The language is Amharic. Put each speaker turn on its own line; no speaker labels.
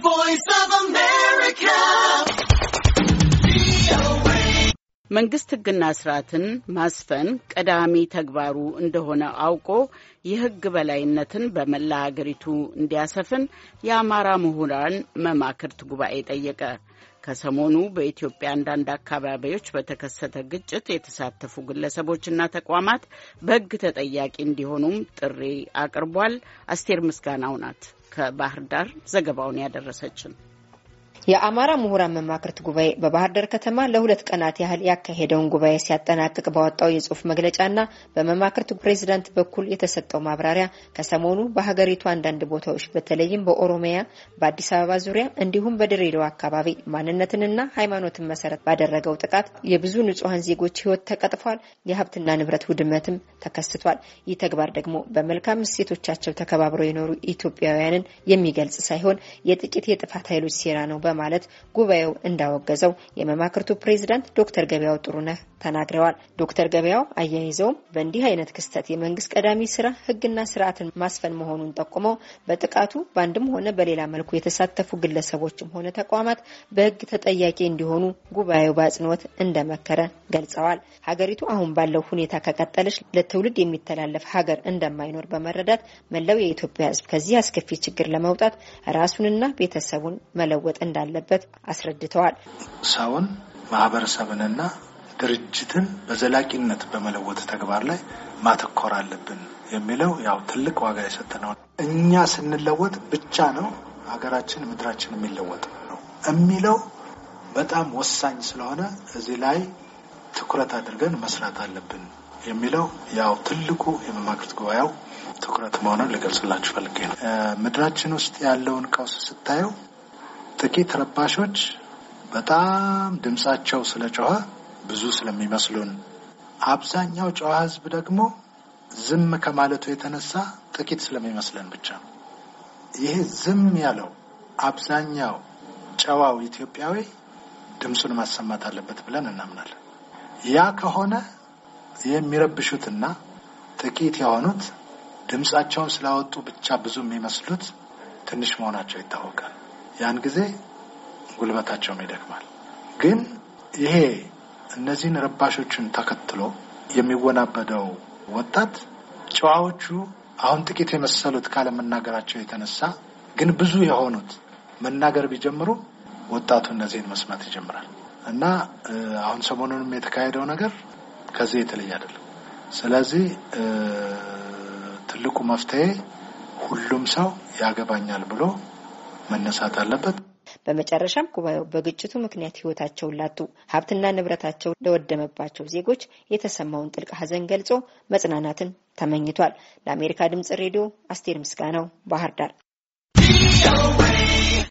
Voice of America.
መንግስት ህግና ስርዓትን ማስፈን ቀዳሚ ተግባሩ እንደሆነ አውቆ የህግ በላይነትን በመላ ሀገሪቱ እንዲያሰፍን የአማራ ምሁራን መማክርት ጉባኤ ጠየቀ። ከሰሞኑ በኢትዮጵያ አንዳንድ አካባቢዎች በተከሰተ ግጭት የተሳተፉ ግለሰቦችና ተቋማት በህግ ተጠያቂ እንዲሆኑም ጥሪ አቅርቧል። አስቴር ምስጋናው ናት። ከባህር ዳር ዘገባውን ያደረሰችን
የአማራ ምሁራን መማክርት ጉባኤ በባህር ዳር ከተማ ለሁለት ቀናት ያህል ያካሄደውን ጉባኤ ሲያጠናቅቅ ባወጣው የጽሁፍ መግለጫና በመማክርት ፕሬዚዳንት በኩል የተሰጠው ማብራሪያ ከሰሞኑ በሀገሪቱ አንዳንድ ቦታዎች በተለይም በኦሮሚያ፣ በአዲስ አበባ ዙሪያ እንዲሁም በድሬዳዋ አካባቢ ማንነትንና ሃይማኖትን መሰረት ባደረገው ጥቃት የብዙ ንጹሐን ዜጎች ህይወት ተቀጥፏል፣ የሀብትና ንብረት ውድመትም ተከስቷል። ይህ ተግባር ደግሞ በመልካም እሴቶቻቸው ተከባብረው የኖሩ ኢትዮጵያውያንን የሚገልጽ ሳይሆን የጥቂት የጥፋት ኃይሎች ሴራ ነው በማለት ጉባኤው እንዳወገዘው የመማክርቱ ፕሬዚዳንት ዶክተር ገበያው ጥሩነህ ተናግረዋል። ዶክተር ገበያው አያይዘውም በእንዲህ አይነት ክስተት የመንግስት ቀዳሚ ስራ ህግና ስርዓትን ማስፈን መሆኑን ጠቁመው በጥቃቱ በአንድም ሆነ በሌላ መልኩ የተሳተፉ ግለሰቦችም ሆነ ተቋማት በህግ ተጠያቂ እንዲሆኑ ጉባኤው በአጽንኦት እንደመከረ ገልጸዋል። ሀገሪቱ አሁን ባለው ሁኔታ ከቀጠለች ለትውልድ የሚተላለፍ ሀገር እንደማይኖር በመረዳት መላው የኢትዮጵያ ህዝብ ከዚህ አስከፊ ችግር ለመውጣት ራሱንና ቤተሰቡን መለወጥ እንዳ እንዳለበት አስረድተዋል።
ሰውን ማህበረሰብንና ድርጅትን በዘላቂነት በመለወጥ ተግባር ላይ ማተኮር አለብን የሚለው ያው ትልቅ ዋጋ ነው። እኛ ስንለወጥ ብቻ ነው ሀገራችን ምድራችን የሚለወጥ ነው የሚለው በጣም ወሳኝ ስለሆነ እዚህ ላይ ትኩረት አድርገን መስራት አለብን የሚለው ያው ትልቁ የመማክርት ጉባኤው ትኩረት መሆኑን ልገልጽላችሁ ፈልጌ ነው። ምድራችን ውስጥ ያለውን ቀውስ ስታየው ጥቂት ረባሾች በጣም ድምፃቸው ጨዋ ብዙ ስለሚመስሉን፣ አብዛኛው ጨዋ ህዝብ ደግሞ ዝም ከማለቱ የተነሳ ጥቂት ስለሚመስለን ብቻ ነው። ይሄ ዝም ያለው አብዛኛው ጨዋው ኢትዮጵያዊ ድምፁን ማሰማት አለበት ብለን እናምናለን። ያ ከሆነ የሚረብሹትና ጥቂት የሆኑት ድምፃቸውን ስላወጡ ብቻ ብዙ የሚመስሉት ትንሽ መሆናቸው ይታወቃል። ያን ጊዜ ጉልበታቸውም ይደክማል። ግን ይሄ እነዚህን ረባሾችን ተከትሎ የሚወናበደው ወጣት ጨዋዎቹ አሁን ጥቂት የመሰሉት ካለመናገራቸው የተነሳ ግን ብዙ የሆኑት መናገር ቢጀምሩ ወጣቱ እነዚህን መስማት ይጀምራል እና አሁን ሰሞኑንም የተካሄደው ነገር ከዚህ የተለየ አይደለም። ስለዚህ ትልቁ መፍትሄ ሁሉም ሰው ያገባኛል ብሎ መነሳት አለበት።
በመጨረሻም ጉባኤው በግጭቱ ምክንያት ሕይወታቸውን ላጡ ሀብትና ንብረታቸው ለወደመባቸው ዜጎች የተሰማውን ጥልቅ ሐዘን ገልጾ መጽናናትን ተመኝቷል።
ለአሜሪካ ድምጽ ሬዲዮ አስቴር ምስጋናው ባህር ዳር